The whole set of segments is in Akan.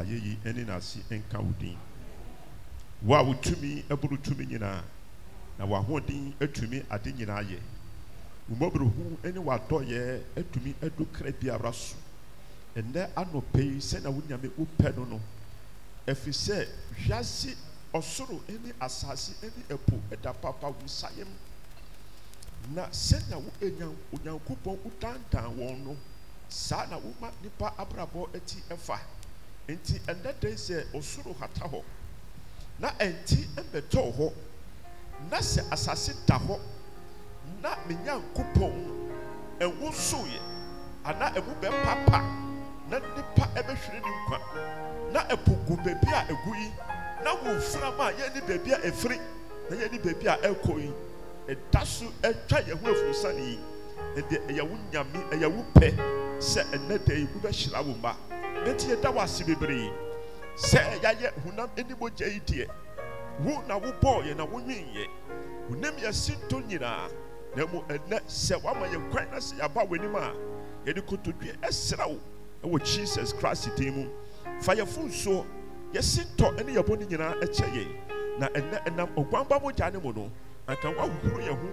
ayɛyi ɛne n'ase nka wo din wo a wo tumi ɛboro tumi nyinaa na w'ahoɔden atumi ade nyinaa yɛ mmɔborohu ne w'adɔyɛ atumi adu kra biara so ɛnɛ anɔpɛ yi sɛnea wo nyame wopɛ no no ɛfiri sɛ hwiase ɔsoro ne asase ne ɛpo ɛda papa wo na sɛnea wo enyan onyankopɔn wodandan wɔn no saa na woma nipa abrabɔ ti ɛfa. E enti ɛnda dayi sɛ osoro hata hɔ na ɛnti ɛmbɛtɔɔ hɔ na sɛ asase da hɔ na menya nkopɔn ɛnwo soweɛ anaa ɛmu bɛ papa na nipa ɛbɛhwene ne nkwa na ɛpugo baabi a ɛgu yi na wo frama a yɛani baabi a ɛfini na yɛ ani baabi a ɛrekɔ yi ɛda so atwa yɛn ho afurosane yi ɛnde ɛyɛwo nyame ɛyɛ wo pɛ sɛ ɛnnɛ da yi wobɛhyera wo ma ɛnti yɛda wo ase bebereyi sɛ yayɛ hunam animɔgyayi deɛ wu na wobɔɔyɛ na e wo nwenyɛ wunem yɛsintɔ nyinaa na mmom ɛnnɛ sɛ woama yɛkwan na sɛ yɛaba wʼanim a yɛde kotodwi ɛsrɛwo ɛwɔ jesus khrist den mu fa yɛfonsuɔ yɛsi ntɔ ne yɛbɔ no nyinaa ɛkyɛ yɛn na ɛnnɛɛnam ɔgoan bammɔ gyane mu no anka wɔahohuru yɛn ho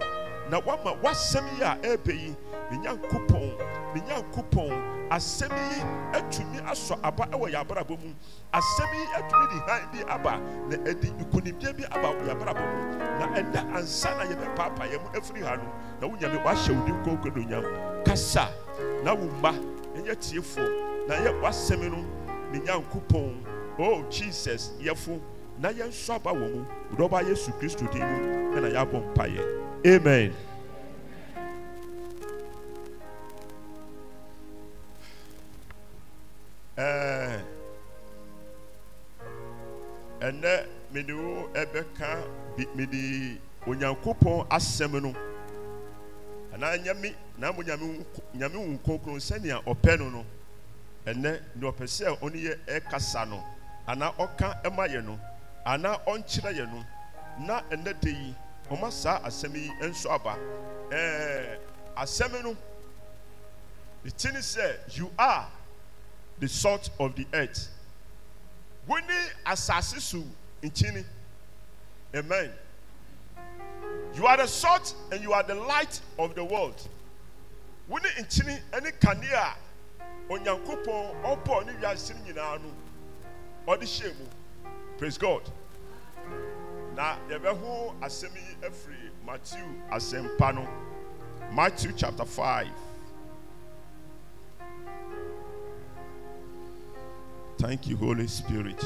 na wama woasɛm e yi a ɛbɛ yi me nyankopɔn me nyankopɔn asɛm yi atumi asɔ aba ɛwɔ yɛ Asemi mu asɛm yi atumi de han bi aba na ɛde nkunimdie bi aba wɔ mu na ɛnɛ ansa na yɛbɛpaapa yɛ mu afiri ha no na wo nyame wahyɛ wo din kasa na wo mma tifo tiefoɔ na yɛ wasɛm no me oh jesus yɛfo na yɛn nso aba wɔ mu dɔba yesu kristo din mu ɛna yɛabɔ amen ɛnɛ eh. mede wo ɛbɛka mede onyankopɔn asɛm no anaa nyame na mo nyame nyame wo nkronkron sɛnea ɔpɛ no no ɛnɛ nea ɔpɛ sɛ ɔne yɛ ɛkasa no anaa ɔka ɛma yɛ no anaa ɔnkyerɛ yɛ no na ɛnɛ de yi ɔma saa asɛm yi nso aba ɛɛ eh, asɛm no ne ti ne sɛ you are the salt of the earth. Wone asase in Chini. Amen. You are the salt and you are the light of the world. Wone nkyini ne kanea Onyankopɔn ɔbɔ ne wiase in no ɔde hyɛ mu. Praise God. Na yɛbɛho asemi yi Matthew asempano. Matthew chapter 5. Thank you, Holy Spirit.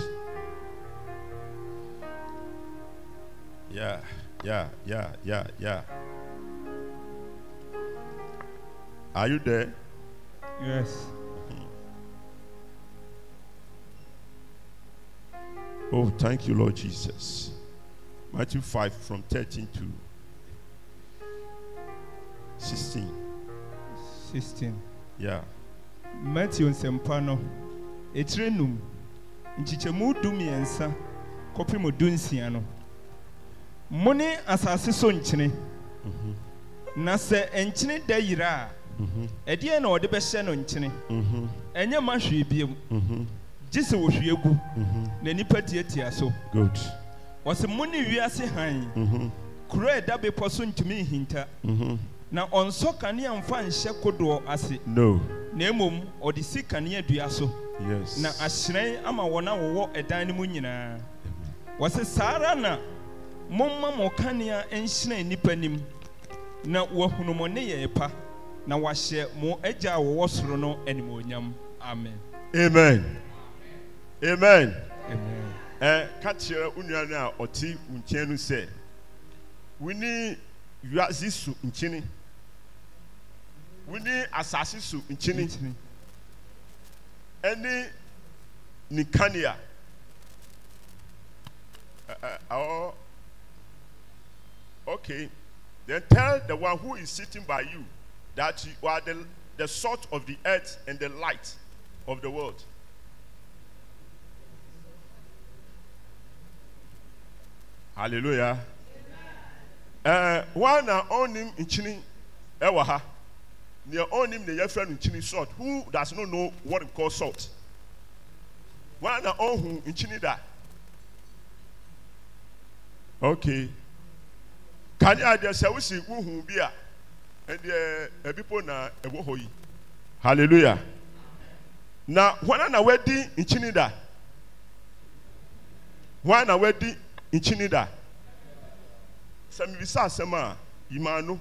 Yeah, yeah, yeah, yeah, yeah. Are you there? Yes. Hmm. Oh, thank you, Lord Jesus. Matthew 5 from 13 to 16. 16. Yeah. Matthew Sempano. etire num nkyikyɛmu du mmiɛnsa kɔpem du nsia no mo ne asase so nkyene mhm. na sɛ nkyene da yira a mhm. ɛdeɛ na ɔde bɛhyɛ no nkyene mhm. ɛnyɛ ma hwee biem gye sɛ wɔhwie gu na nnipa tiatia so ɔsɛ mo ne wiase hann kuro a ɛda bepɔ so ntumi nhinta na ɔnsɔ kanea mfa nhyɛ kodoɔ ase na mmom ɔde si kanea dua so na ahyerɛn ama wɔn a wɔwɔ ɛdan no mu nyinaa wɔsɛ saa ara na momma mo kanea nhyerɛn nnipa nim na wɔahunu mo ya pa na wɔahyɛ mo agya a wɔwɔ soro no animuonyam amen amen amen ɛɛ ka kyerɛ wo nua no a ɔte nkyɛn no sɛ woni wiase so nkyini woni asase so nkyini ɛne ne kanea ɔ okay then tell the one who is sitting by you that you are the, the salt of the earth and the light of the world hallelujah ɛɛ wɔn na ɔnim nkyini ɛwɔ ha. eɔnim neɛyɛfrɛ no nkyini solt who does no know what call sart hɔna uh, na ɔhu nkyini da ok kanea deɛ sɛ wosi wohu bi a ɛndeɛ abi po na ɛbɔ hɔ yi halleluja na hɔna nawadi nkyini da hɔn a na wadi nkyini da sɛ mibisa asɛm a yima no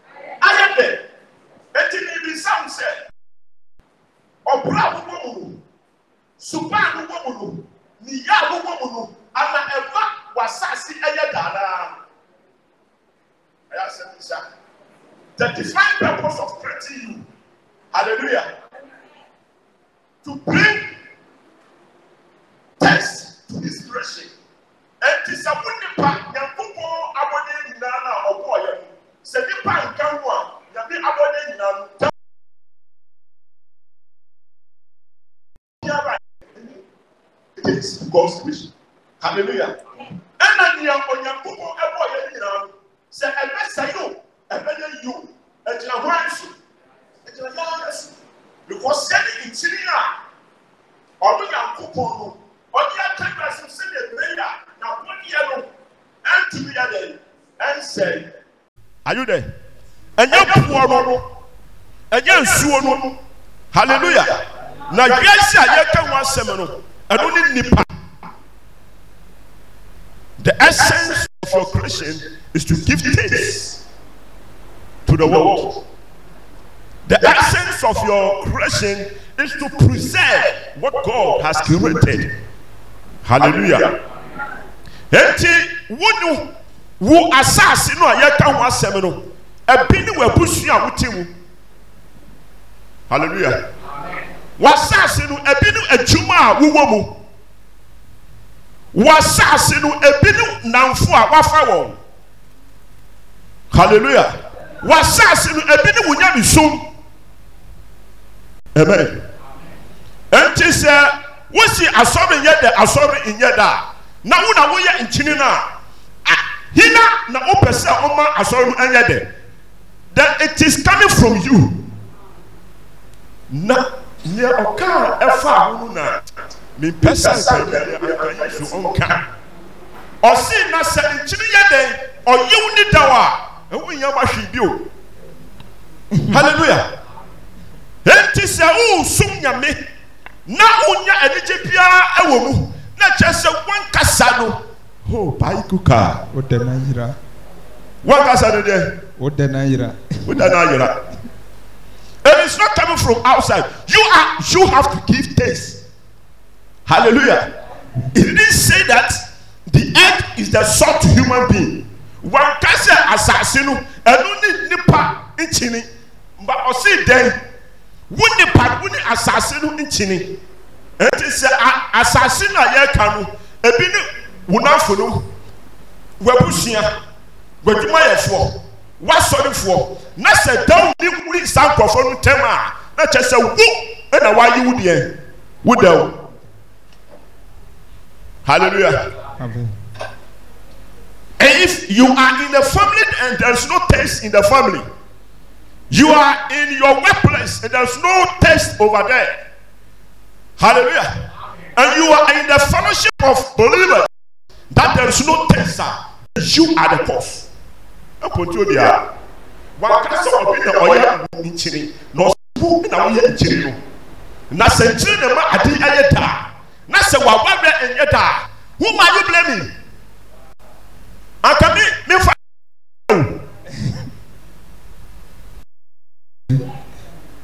ayɛ dɛ eti ni bi sam sɛ ɔbura awobɔ mu no supa awobɔ mu no niya awobɔ mu no ana ɛfa wasaase ɛyɛ daadaa ɛyɛ asɛm nsa the divine purpose of creating you hallelujah to bring test to inspiration ɛti sɛ wo nipa sɛ nipa nka ho a nyame abɔde nyinaa no da It is God's mission. Hallelujah. Ɛna nea onyankopɔn ɛbɔ yɛn nyinaa no sɛ ɛbɛ sɛ yio ɛbɛ yɛ yio ɛgyina hɔ ɛso ɛgyina yɛ ara so because sɛde nkyiri a ɔno nyankopɔn no ɔde atɛgba so sɛdeɛ bɛyɛ a n'abɔdeɛ no ɛntumi yɛ dɛ ɛnsɛn. awodɛ ɛnyɛ boa no ɛyɛ nsuo no halleluja na dwasɛ ayɛkahɔ asɛm no ɛno ne nipa the essence of your cretion is to give tas to the world the essence of your creation is to present what god has cremented halleluja enti wone wo asase no a yɛka ho asɛm no ɛbi ne w'abusua wote mu halleluya w'asase no ɛbi ne adwuma a wowɔ mu w'asase no ɛbi ne nnamfo a wafa wɔn halleluya w'asase no ɛbi ne wo nyamesom amen ɛnti sɛ wosi asɔre nyɛ dɛ asɔre nyɛ dɛ a na wo na woyɛ nkyini no a hina na wopɛ sɛ ɔma asɔre no ɛnyɛ dɛ that it is coming from you na nea ɔkaa ɛfa ho no na mempɛ sɛ nsɛmɛyɛ so ɔnka ɔsee na sɛ nkyiri yɛ dɛn ɔyew ne daw a ɛho nyɛ mahwee bio mhm. halleluya enti sɛ woresom nyame na wonya anigye biara ɛwɔ mu na kyerɛ sɛ woankasa no ho kuka! o dɛmɛ yira. What has I o What did I hear? What did I hear? It not coming from outside. You are you have to give taste. Hallelujah. It didn't say that the earth is the salt human being. Wakasa kásẹ̀ àsàsì nu ẹnu ní nípa nkyini mba ọ̀sìn dẹ́n wọ́n nípa wọ́n ní àsàsì nu nkyini ẹ̀ ti sẹ́ àsàsì náà yẹ no ebi ní wonafo no wabusua wadwumayɛfoɔ wasɔrefoɔ na sɛ dawudi wuli saa nkurɔfoɔ no ntɛm a na kyerɛ sɛ wo na wayi wo deɛ wo da wo hallelujah. Amen. And if you are in the family and there is no taste in the family, you are in your workplace and there is no taste over there. Hallelujah. And you are in the fellowship of believers that there is no tester, you are the cause ɛpɔntuo deɛ wakasa ɔbi na ɔyɛ nkyiri na ɔsibu na ɔyɛ nkyiri no na sɛ nkyiri na ma adi ɛyɛ taa na sɛ wawabrɛ ɛnyɛ taa who ma yi blame me akami mi fa o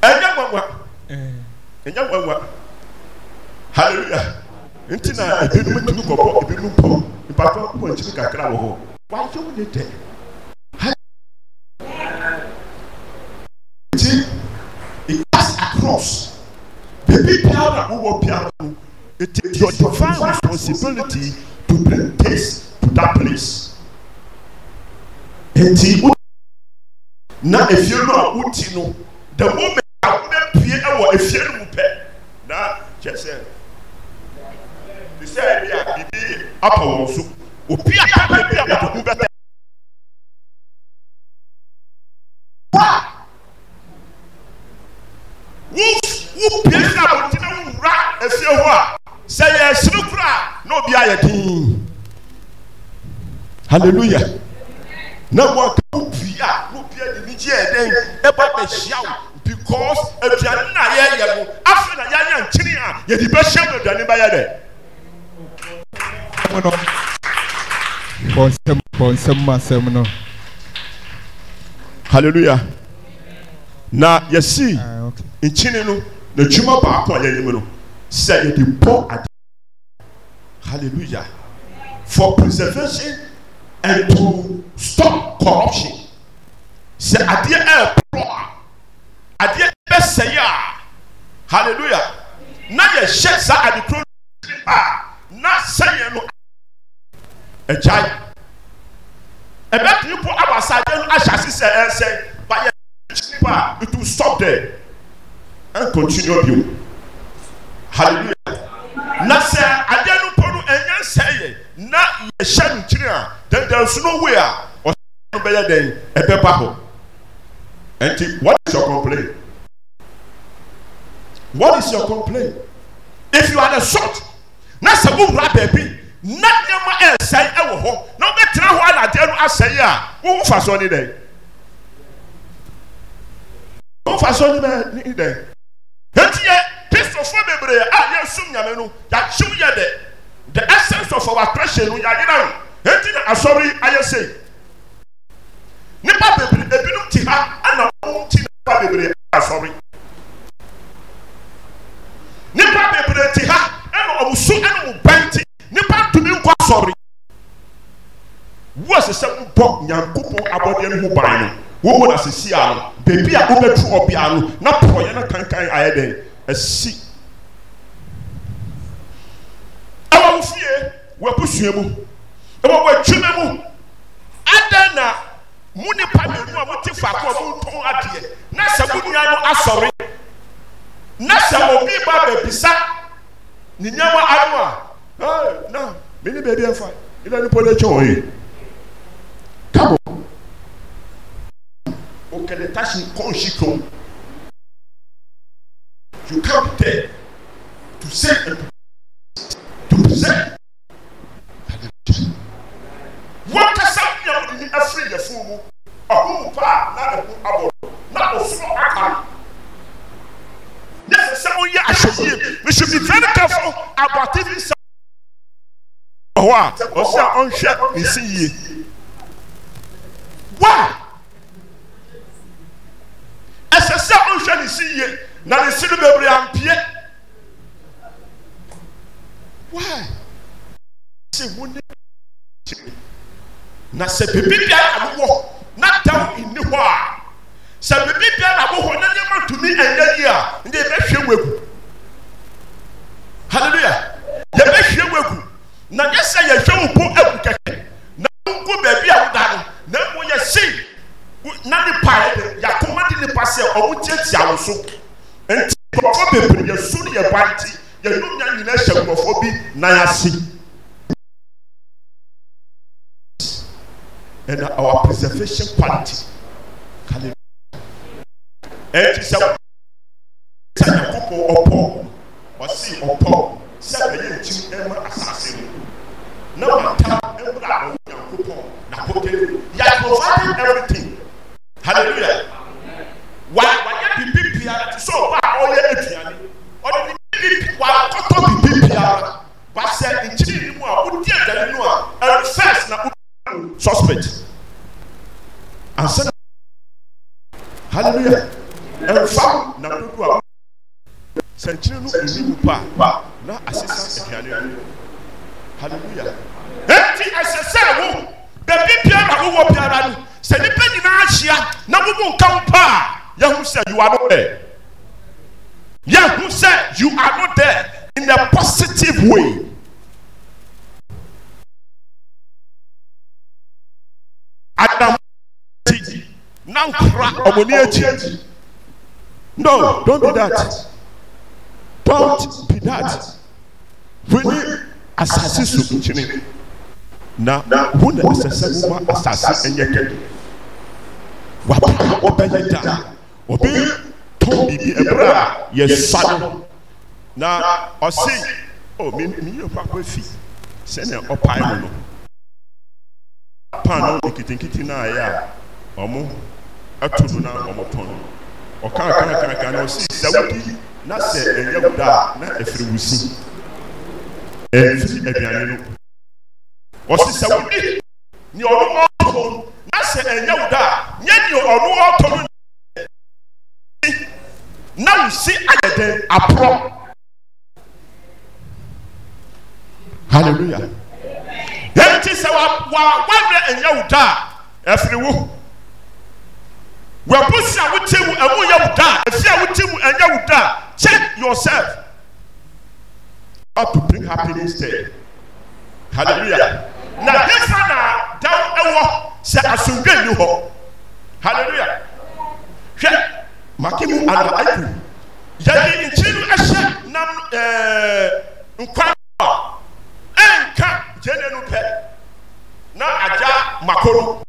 ɛnyɛ nwanwa ɛnyɛ nwanwa hallelujah nti na ebinom tumi kɔbɔ ebinom pɔ mpatɔ kɔ nkyiri kakra wɔ hɔ wayɛ wo ne dɛ nti it pass across baabi biara wowɔ biara no it is your divine responsibility to bring taste to that place nti wo na efie no a woti no the moment a wobɛpue wɔ efie no mu pɛ na kyɛ sɛ sɛ bi a bibi apɔ wɔn so obi a kaka bi a kotoku bɛtɛ. wa wo wo pie na abotire wura efie hɔ a sɛ yɛ siri kura na obi ayɛ dinn hallelujah na wɔn akawo pii a na obi ayɛ ni gye ɛdɛn ɛba bɛhyia wo because aduane na yɛ yɛ no afei na yɛ anya nkyini a yɛde bɛhyɛ mu aduane bɛyɛ dɛ. ɔmoalleluya na yɛsii ah, nkyine no netwuma baako a yɛnim no sɛ yɛde mpɔ adeɛ halleluja for preservation andtsto corruption sɛ adeɛ ɛprɔ a adeɛ bɛsɛeɛ a halleluya na yɛ hyɛ saa adekuroni paa nasɛeɛ no ɛkyae ɛbɛtumi po aba asaadeɛ no ahyɛ ase sɛ ɛnsɛ bayɛ nipa a it will stop there and continue bio hallelujah na sɛ adeɛ no po no ɛnyɛ nsɛn yɛ na yɛhyɛ no nkyiri a dandan so no wei a ɔhyɛ no bɛyɛ dɛn ɛbɛba hɔ nti what is your complaint what is your complaint if you are the salt na sɛ mo wura baabi na nneɛma ɛresɛe wɔ hɔ na wobɛtena hɔ anadeɛ no asɛe a wohu fa soɔ ne dɛn wohu fa soɔ ne dɛn enti yɛ kristofoɔ bebree a yɛsum nyame no yɛakyew yɛ dɛ the essence of our treasure no yɛayera no enti na asɔre yi ayɛ sei nipa bebree ebinom te ha ɛna wɔn ti nipa bebree asɔre nipa bebree te ha ɛna wɔn so ɛna wɔn bɛn te nkɔ asɔre wo a sɛsɛ wobɔ nyankopɔn abɔdeɛ no ho ban no wowo na sɛsi a no baabi a wobɛtu ɔbea no na porɔyɛ no kankan ayɛ dɛn asi ɛwɔ wo fie wɔabusua mu ɛwɔ wɔatwuma mu adɛn na mo nipa mmienu a mote faako a montɔn adeɛ na sɛ mo nua no asɔre na sɛ obi ba baabisa ne nyama ano a na mini baabi ɛfa ina nipa de kyɛn wɔyi tabo okele tasi kɔnsi tom you come there to save to present wɔn kasa yɛ wɔn afiri yɛ fun mu ɔhun paa na ne ho aka yɛ sɛ yɛ ahyɛ yie mesu mi fɛn kafo abɔte. hɔ a ɔsɛ ɔnhwɛ nsi yie wa ɛsɛ sɛ ɔnhwɛ ne yie na ne no bebree ampie wa sɛ ne na sɛ on oh, na oh, na dam on hɔ a sɛ na wowɔ na nneɛma tumi ɛnyɛ yie a hallelujah na yɛ sɛ yɛhwɛ wo po agu kɛkɛ na wonkɔ baabi a woda no na mmom yɛse na nipa yɛakoma de nipa sɛ ɔmo tiatia wo so nti nkurɔfoɔ bebree yɛsu ne yɛba nti yɛnum nya nyinaa hyɛ nkurɔfoɔ bi na yɛase and our preservation quality hallelujah ɛnti sɛ sɛ nyakopɔ ɔpɔ ɔsi ɔpɔ sɛ ɛyɛ nkyim ɛma obeying. He has provided everything. Hallelujah. Why? Why you be biara? So why all your biara? Or be biara? Why koto be biara? But say in chini ni mu a, o di ẹja nínú a, ẹrù first na o di suspect. And say hallelujah. Ẹrù fam na o do a. Sɛ nkyiri no ɛni mu pa na asesa aduane no hallelujah. Eti ɛsɛ sɛ wo. dabibia na wowɔ biara no sɛ nnipa nyinaa hyia na mumu nka wo paa yɛhu sɛ oa no ɛ yɛ hu sɛ youar no dɛr in he positive way adai na nkora ɔmɔne agyi n don' be that don't bi that weni asase so nkyene na wo na ɛsɛ sɛ woma asase ɛnyɛ kɛde wapa ɔbɛyɛ da ɔbɛyɛ tɔn biribi ɛberɛ a yɛsua na ɔse o oh, mi mi yɛ ɔkɔ akɔ efi sɛnɛ ɔpae mu no paano nketenkete na ayɛ a ɔmo ɛto do na ɔmo tɔn no kan kan kan na ɔsi sɛ wodi na sɛ ɛnyɛ wo na ɛfiri wusi ɛfiri aduane no wɔsi sɛ wodi ni ɔno ɔtɔ na sɛ ɛnyɛ wo da a nyɛ ni ɔno ɔtɔ no na wo si ayɛ dɛ aporɔ hallelujah yɛn ti sɛ wa wa wɔnyɛ ɛnyɛ wo da a ɛfiri wo wɛbusi a wote mu ɛmu yɛ wo da a efi a wote mu ɛnyɛ wo check yourself how to bring happiness there hallelujah. na hefa na dan ɛwɔ sɛ asomdwe nni hɔ Hallelujah. hwɛ make mu ana aku yɛde nkyi no ahyɛ nam eh, nkwa a ɛnka gyene no pɛ na agya makoro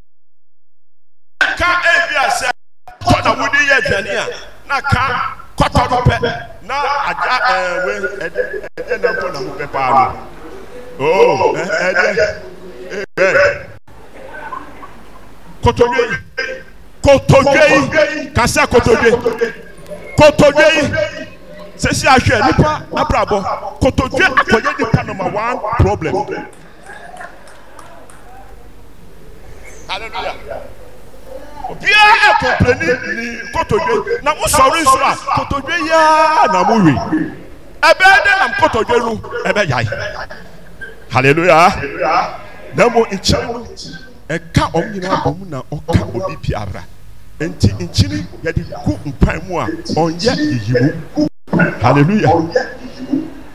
ɛnka ɛbi a sɛ tɔ na wode yɛ aduane a na ka kɔtɔ no pɛ na agya ɛɛ eh, we ɛdɛ ɛdɛ na nkɔ na ho pɛ paa no oh, amen kotodwe yi kotodwe yi kasa kotodwe kotodwe yi sisi ahwɛ nipa abrabɔ kotodwe akɔye nipa number one problem hallelujah obiara ɛ kɔmplɛni ni kotodwe na mo sɔrɔ nso a kotodwe yaa na mo wi ɛbɛɛ de nam kotodwe nu ɛbɛ yaa yi hallelujah na mmom nkyɛn no ɛka ɔmo nyinaa bɔ mu na ɔka obi biara nti nkyini yɛde ku nkwan mu a ɔnyɛ yiyi mu hallelujah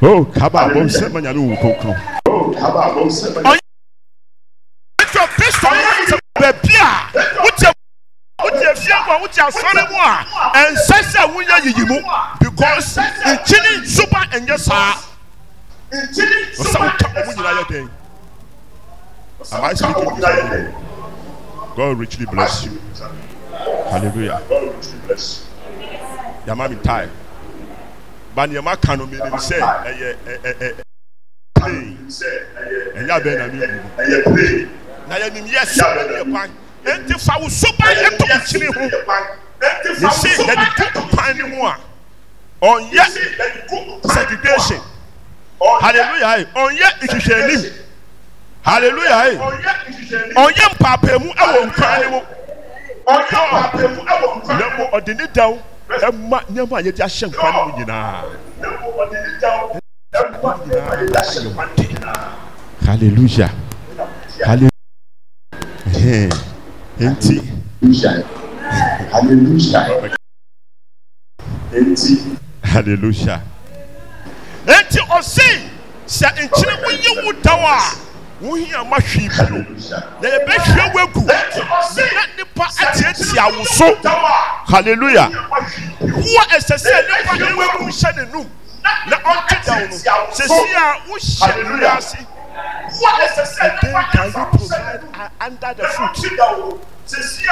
o oh, kaba abom sɛ ma wo kokoro. ɔnyɛ ɛtɔ kristu a wotia wotia a wotia asɔre a ɛnsɛ sɛ wonyɛ yiyi mu because nkyini nsoba ɛnyɛ saa ɔsɛ woka ɔmo nyinaa yɛ dɛn. gd richy bss you alela yamamita baneɛma ka nmmenm sɛɛp yɛbɛnam na yɛnimyɛ sɛɛ n ɛnti fa wosbaɛnkyei h nese ade pn n mu a ɔnyɛ sedugation allelua ɔnyɛ nhwehwɛnim hallelujah yi ɔnyɛ mpaapaemu ɛwɔ nkwan ɔnyɛ mpaapaemu ɛwɔ nkwan ne mu dɛw ɛma nneɛma a yɛde ahyɛ nkwan nyinaa hallelujah hallelujah nti hallelujah nti hallelujah ɔsi sɛ nkyɛn yi wu dawa wohia ma hwee bio na yɛbɛhwɛ wo agu na nipa atiatia wo so halleluya woa ɛsɛ sɛ nipa ne wo agu hyɛ ne na ɔnte da wo no sɛsi a wohyɛ no ase ɛdɛn kan you provide under the foot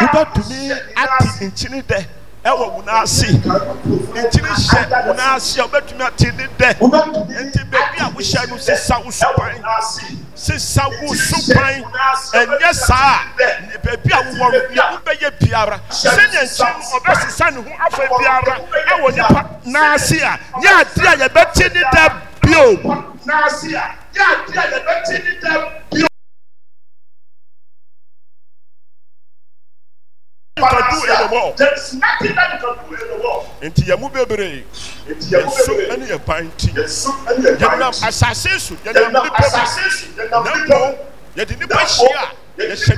wobɛtumi ate nkyene dɛ ɛwɔ wɔn ase ntiri hyɛ wɔn ase a wɔbɛtumi ate ne dɛ nti beebi a wɔhyɛ no sisa wosopan sisa wo supan ɛnyɛ saa a baabi a wowɔ no biara sɛnea nkyɛn mu ɔbɛsesa ne ho afa biara ɛwɔ e nipa naase a nyɛ adeɛ a yɛbɛte ne da bio bio e There is nothing that you can do in the world nti yɛ mu bebree yɛsu ne yɛ ban ti yɛnam asase so yɛnam nipa mu na mbom yɛde nipa hyia yɛhyɛ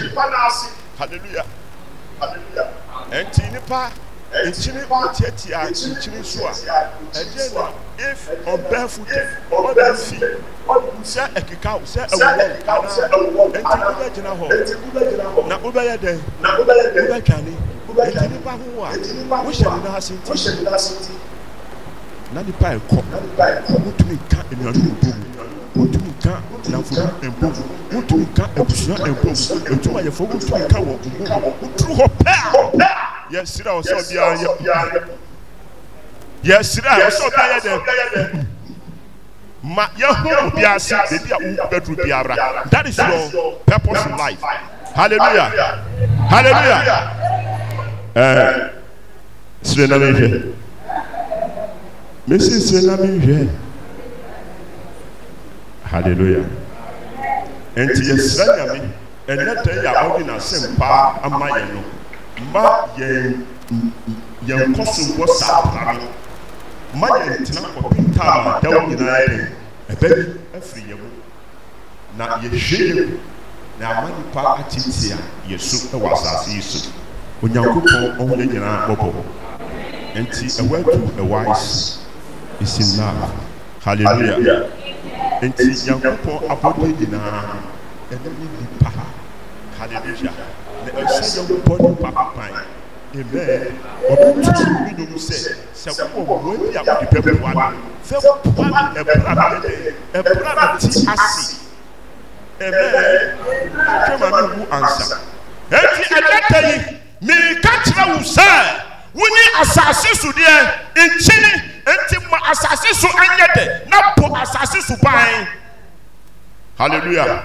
nipa n'ase hallelujah nti nipa nkyini tiatia nkyini nso a ɛdeɛ na if ɔbɛɛfo de ɔde fi sɛ ɛkeka wo sɛ ɛwɔ wo nti wobɛgyina hɔ na wobɛyɛ dɛn wobɛdwane ɛdi nipa ho a wohyɛ ne n'ase ti na nipa ɛkɔ wotumi nka enuanom mbom wotumi nka nafolo mbom wotumi nka abusua mbom etum ayɛfo wotumi nka wɔ mbom woturu hɔ pɛɛ yɛsira ɔsɛ ɔbiara yɛ yɛsira ɔsɛ ɔbiara yɛ dɛ ma yɛhu obi ase beebi a wo bɛduru biara that is your purpose in life hallelujah hallelujah ɛɛ eh, sire na mi hwɛ mesi sire na mi hwɛ hallelujah nti yɛsrɛ nyame ɛnɛ tɛ yɛ ɔde n'asɛm paa ama yɛn no mma yɛn yɛn kɔ so wɔ saa pra no mma yɛn tena kɔpem taama adaw nyinaa yɛ ɛbɛyi afiri yɛn mu na yɛhwɛ yɛn na ama nipa atentia yɛsu ɛwɔ asase yi so onyankopɔn ɔho yɛ nyinaa bɔbɔ nti ɛwɔ atu ɛwɔ ayis is in love hallelujah nti nyankopɔn abɔdeɛ nyinaa ɛne ne nipa hallelujah na ɛsɛ yɛnkopɔn nipa papan amen ɔbɛtutu bi nom sɛ sɛ wowɔ mmoa bi a wode bɛboa no sɛ boa no ɛbra no ɛbra no ti ase amen hwɛ ma wu ansa enti ɛdɛ tɛ mìíràn kyerɛ wò sɛ wóni asase so deɛ nkyini ma asase so anyɛ dɛ po asase so ban hallelujah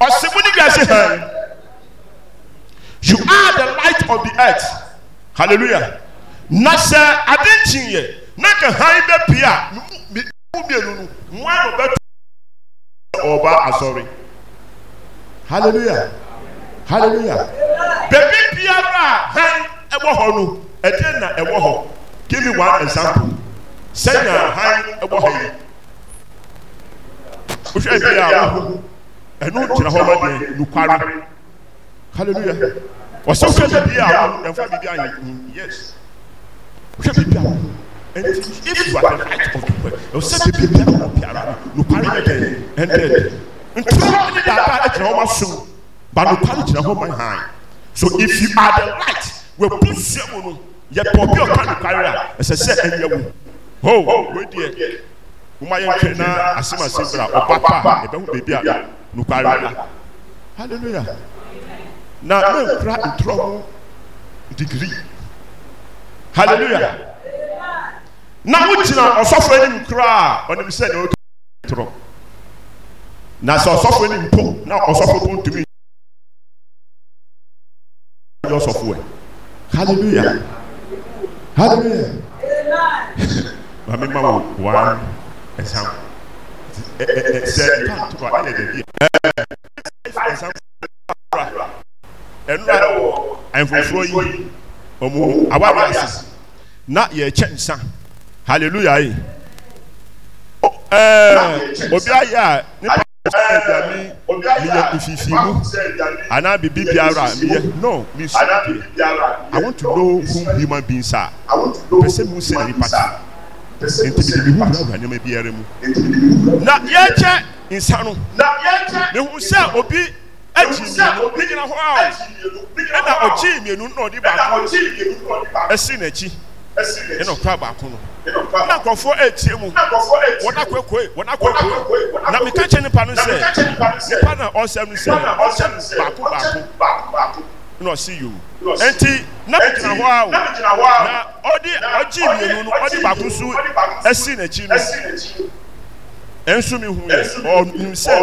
ɔsibú ni wiase hɛn you are the light of the earth hallelujah na sɛ adi nkyinyɛ na ka hann bɛ pia mi mu mienu no nwa no bɛ tu ɔba ah, hallelujah hallelujah a hann ɛwɔ hɔ no ɛdeɛ na ɛwɔ hɔ give me one example sɛnea hann ɛwɔ hɔ yi wohwɛ bi a wohu ɛno gyina hɔ ma deɛ nokware hallelujah wɔsɛ wohwɛ biribi a wohu ɛmfa biribi ayɛ mm, yes wohwɛ biribi a wohu and if you are the light of the world ɛwɔsɛ biribi a wohu biara no nokware yɛ dɛn ɛndɛn ntura ne daadaa ɛgyina hɔ ma so ba nokware gyina hɔ ma hann so if you are the light wɔbu sua mu no yɛ pɔ bi ɔka nokware a ɛsɛ sɛ ɛyɛ wo ho wei deɛ woma yɛntwɛ na asɛm asɛm bra ɔba pa a ɛbɛho baabi a nokware la halleluya na mankura ntorɔ ho degree halleluya na wogyina ɔsɔfo anim koraa ɔnim sɛ deɛ ɔtorɔ na sɛ ɔsɔfo anim po na ɔsɔfo bo ntumi yọ sọ fún ẹ hallelujah hallelujah maame ma wo wa ẹsan ẹ ẹ sẹ ẹ ká tó a ẹ yẹ dẹbi ẹ ẹ ẹsan fúra ẹnura ẹnfọfọ yìí ọmọ awa wa ẹsẹ na yẹ kyẹ nsa hallelujah yìí ẹ obi ayé a nípa ẹsẹ ẹdá mi meyɛ nfifimu anaa bibi biara meyɛ no me su deɛ i want to know who human beings are pɛ sɛ mu sɛ na nipa te nti mede mehu wurawura nneɛma biara mu na yɛkyɛ nsa no mehu sɛ obi akyi mmienu ne gyina hɔ a ɛna ɔkyee mmienu na ɔde baako asi n'akyi ɛna ɔkura baako no na nkurɔfoɔ ɛretie mu wɔn akoekoe wɔn akoekoe na meka kyɛ nipa no sɛ nipa na ɔsɛm no sɛ baako baako na ɔsi yowu nti na gyina hɔ o. na ɔde ɔgye mmienu no ɔde baako so ɛsi n'akyi no nso mi hu yɛ ɔnim sɛ.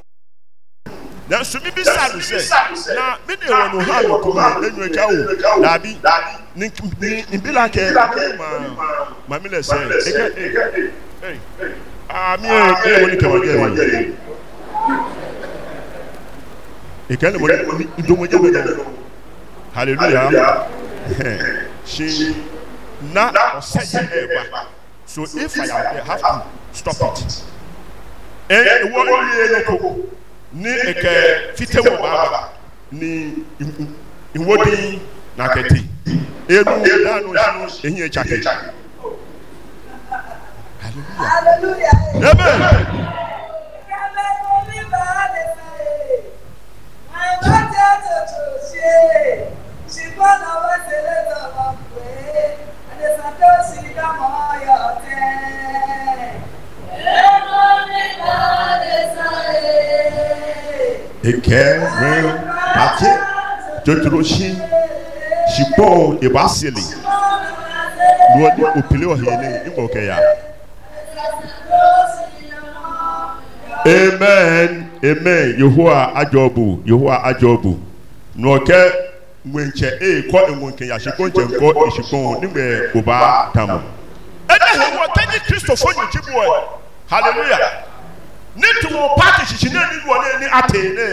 nanso bibi sa no sɛ na mi de wɔ no ha no kɔmi enyo ekya wo daabi ni ni bila kɛ ma mami lɛ sɛ eke e aa mi yɛ mi ah, yɛ wɔ ni kɛmɛ gɛrɛ yi eke wɔ ni ndomo mi no hallelujah she na ɔsɛ yɛ ɛba so if i have to stop it ɛ wɔ yie no ko ne ɛkɛ fite wɔ baaba ne nwodin na enu danu si ehin etsa ke hallelujah amen. ṣùgbọ́n àwọn tẹ̀lé tọ̀wọ̀ pé àdéhùn tó ṣì dámọ̀ ọ̀yọ̀ tẹ̀. ẹ̀rọ nípa àdéhùn ẹ̀. Ekere kate totoroshi shikpo ibasili nuwani opile ohene imokeya. Amen amen Yehowa ajobu Yehowa ajobu nuwake mwenche e kɔ enwonke yasikpo nkyɛn kɔ esikpo nigbɛ oba tamu. Ɛna hɛn wɔ tɛnji kristofo nyitsi mu ɛ hallelujah ne te wɔ paati hyehye ne ani wɔ ne ani ate ne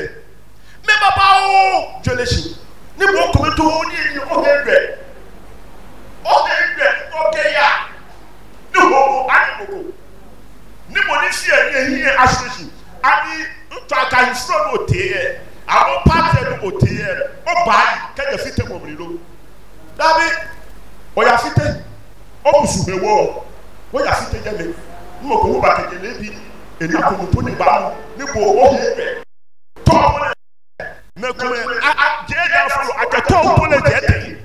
me babaawo dwelehyi ne mo kɔmi to wɔn ne ani ɔhɛ dwɛ ɔhɛ dwɛ ɔkɛ ya ne hɔ mo ani mo ko ne mo ne si ani ehi yɛ ahyehye ani ntɔ akahesoro na ote yɛ awo paati yɛ no ote yɛ ɔbaa yi kɛnyɛ fite wɔ mu ni lo dabi ɔyɛ o ɔmusu hɛ wɔ ɔyɛ afite yɛ mi ne mo kɔmi ba kɛkɛ na ebi ɛni akokoto ne ba ne bo ɔhɛ tɔn mo na kuma a a a ka tɔn mo na jɛ tɛ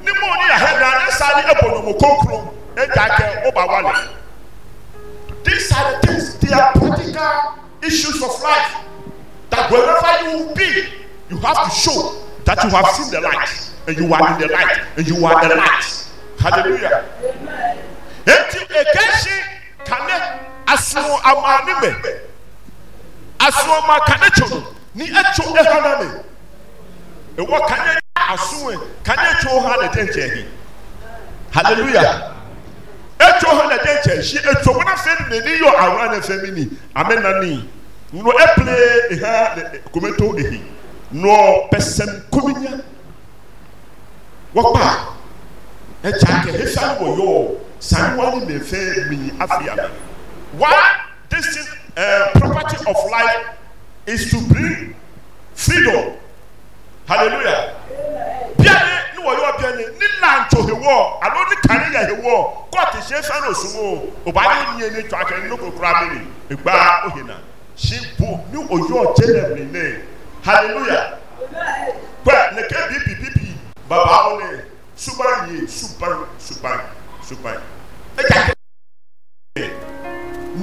ni mo ni yahɛ na ne sa ni ɛbɔ nomu konkoro e da kɛ these are the things they are practical issues of life that wherever you be you have to show that you have seen the light and you are in the light and you are the light hallelujah. asono amaane mɛ asono ma kane tso no ni etso ehana mɛ ewɔ kane asono kane tso ha na ɛdɛ nkyɛn hi hallelujah etso ha na ɛdɛ nkyɛn si etso wɔn afɛn na ni yɔ awura na fɛn mi ni amena ni no eple eha kometo ehi no pɛsɛm kominya wɔkpa ɛkya kɛ ehyia wɔ sanuwa ni mɛ fɛ mi afi ama. Why this is, uh, property of life is to bring freedom. Hallelujah. Biane ni wọ́n yọ biane ní nàntò hewọ́ ní kàní yẹ kóòtù ṣe fẹ́ràn òsùnwó ọba ní ní ẹni tó akẹ́ nínú abẹ́rẹ́ ìgbà òhìnà ṣe bò ní òyò jẹ́lẹ̀ mìíràn. Hallelujah. Bẹ́ẹ̀ ní bíbí bíbí bàbá wọn ni subaru yìí subaru subaru subaru.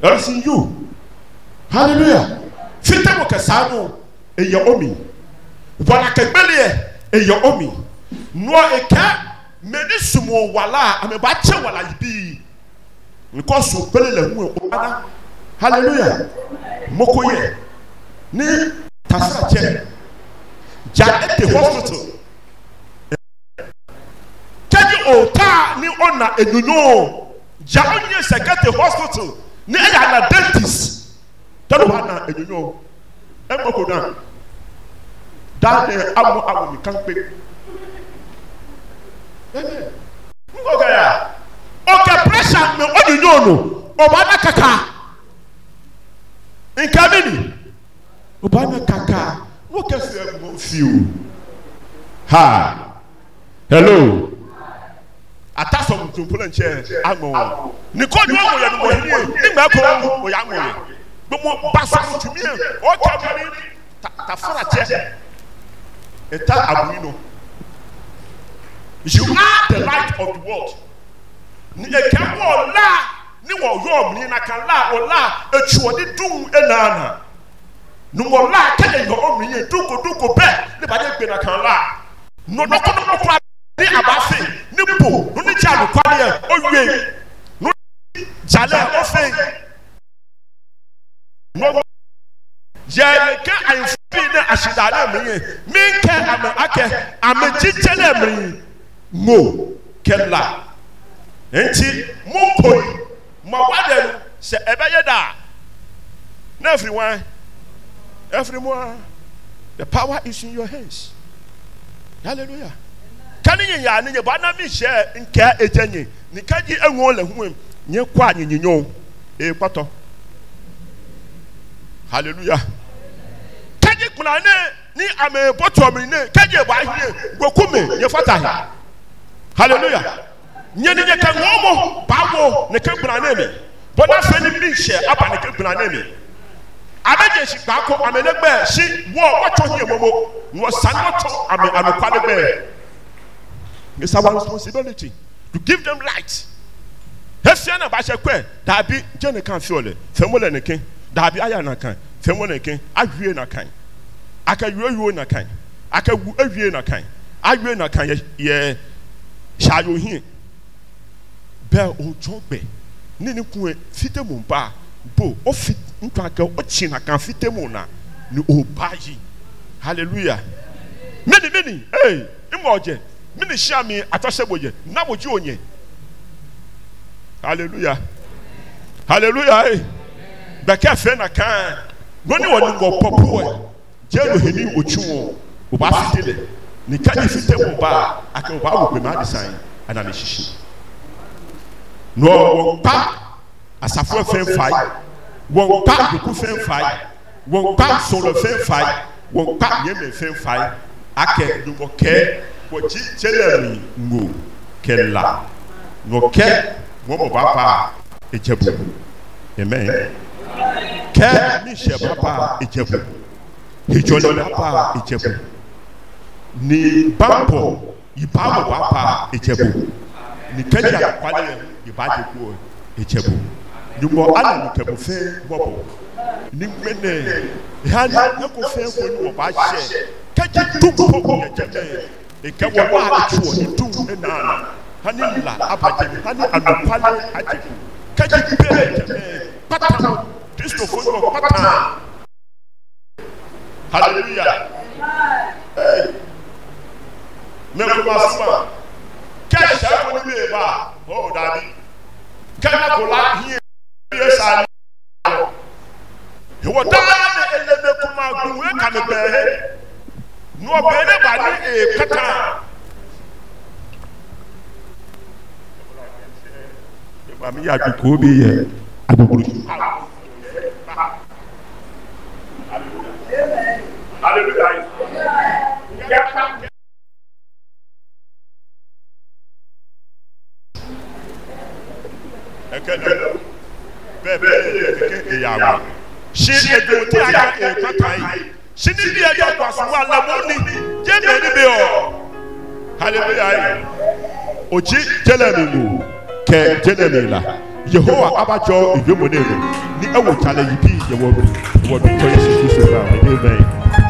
that's in hallelujah fitam kɛseɛ no omi bɔnakɛgbɛleɛ ɛyɛ omi noɔ ɛkɛ sumu wala ameba kyɛ wala bi nkɔso gbɛlɛ lɛ hu ɔbana hallelujah moko yɛ ne tasara kyɛ gya ɛte hospital kyɛ ne ɔtaa ne ɔna enyonyo sɛ kɛte ne ɛyɛ ana dentist tɛnu hɔ ana enyonyo ɛmɔ ko dan dan yɛ amɔ awɔ mi kan pe ɛnɛ n k'o kɛ ya o kɛ pressure mɛ o de nyɔ no o b'a na kaka nka mi ni o b'a na kaka n'o kɛ fiyɛ mɔ fiyewu ha hello atasɔm ntompolo nkyɛn aŋɔ wɔn nikɔdu aŋɔ yɛ no wɔyɛ mu ne ŋmaa kɔn wɔyɛ aŋɔ yɛ gbɛmɔ basa ntumi yɛ ɔka mɔni tafara kyɛ ɛta abui no you are the light of the world Ni ɛka mu ɔla ne wɔ yɔɔ mi na ka la ɔla etuo ne dum ɛnaana numɔla kɛlɛ yɔɔ mi yɛ dukoduko bɛɛ ne ba de gbɛ na ka la nɔnɔkɔnɔkɔ kura ne aba se ne po no ne gya nokwareɛ ɔwie no gyalɛ ɔfei mɔwɔ yɛrɛkɛ ahemfo bi ne ahyedaade mmiri menkɛ ame akɛ amegyegye ne mmiri mo kɛla nti monkoi ma wada no sɛ ɛbɛyɛ da na afiri wan afiri mu a the power is in your hands hallelujah. nika ne nyinyaa ne nyɛ bɔ anam nhyɛ nkɛ egya nye nika gye ewu le hu mu nye kɔ a nyinyinyo ee kpɔtɔ hallelujah kagye kuna ne ni ame bɔtɔmi ne kagye bɔ ahie gokume nye fata he hallelujah nye ne nye ka ŋɔmo baawo ne ke kuna ne mi bɔ n'afɛ ne mi nhyɛ aba ne ke kuna ne mi amegye si baako ame ne gbɛɛ si wɔ wɔtɔ hie momo wɔ san wɔtɔ ame ame kwa ne gbɛɛ. esposlity ogithem lit efiana basɛkɔɛ daabi nekafil fele daiayank f awnaka aanaka aa awe naka awi nakayɛ hyayahi bɛ okokɛ nen fitemubaa botakɛ okinaka fitemuna ne obayi alamii mi ni hyia mi yɛ na mo onye hallelujah hallelujah bɛkɛ fɛ na kan wɔn ni wɔn ngɔ pɔpɔɛ jɛnu hɛni otwi wɔn ɔba fi tele ne ka ne fi tɛmu ba akɛ ɔba awɔ gbɛmɛ adisan ɛna ne sisi na wɔn pa asafo fɛn fa yi wɔn pa duku fɛn fa yi wɔn pa sɔrɔ fɛn fa yi wɔn pa nyɛmɛ fɛn fa yi akɛ nyɔmɔ kɛɛ kɔkyi kyɛlɛmi ŋo kɛla ŋɔkɛ ŋɔmɔba pa edzebu amen kɛ mihyɛba pa edzebu hedzɔlɔla pa edzebu ni bambɔ ibamɔba pa edzebu ni kɛnyɛ akwalɛ ibadzeku edzebu nyugbɔ ala nukɛmu fɛ bɔbɔ ni gbɛnɛ hali ɛkò fɛn wo ni wɔba hyɛ kɛjɛ tó bɔ ɛka wɔ a ɛtu wɔ ɛtu ɛnaana hani la abagyɛ hani anopale agyɛ kagye pere gyɛmɛ pata kristofo ni wɔ pata hallelujah mɛkuma suma kɛhyɛ kɔni bɛ ba ɔɔ daadi kɛnɛ kola hiɛ hiɛ saa ni ɛwɔ daa ne ɛlɛmɛ kuma kun wɛ kanu bɛɛ na ɔbɛn ne ba ne ekata maame yɛ adwokoo bi yɛ adwokoro yi. bẹ́ẹ̀ bẹ́ẹ̀ yẹ kẹkẹ eyawo ṣe edo tí a yà èkó kan yìí sini deɛ yɛ kwaso wa lamoni gye na ani bi hɔ hallelujah okyi gyelani mu kɛ gyelani la yehowa abatsɔ ìwé mu ni ɛwɔ kyalɛ yi bi yɛ wɔ bi wɔ bi tɔ yɛ sisi so na ɔdi bɛn.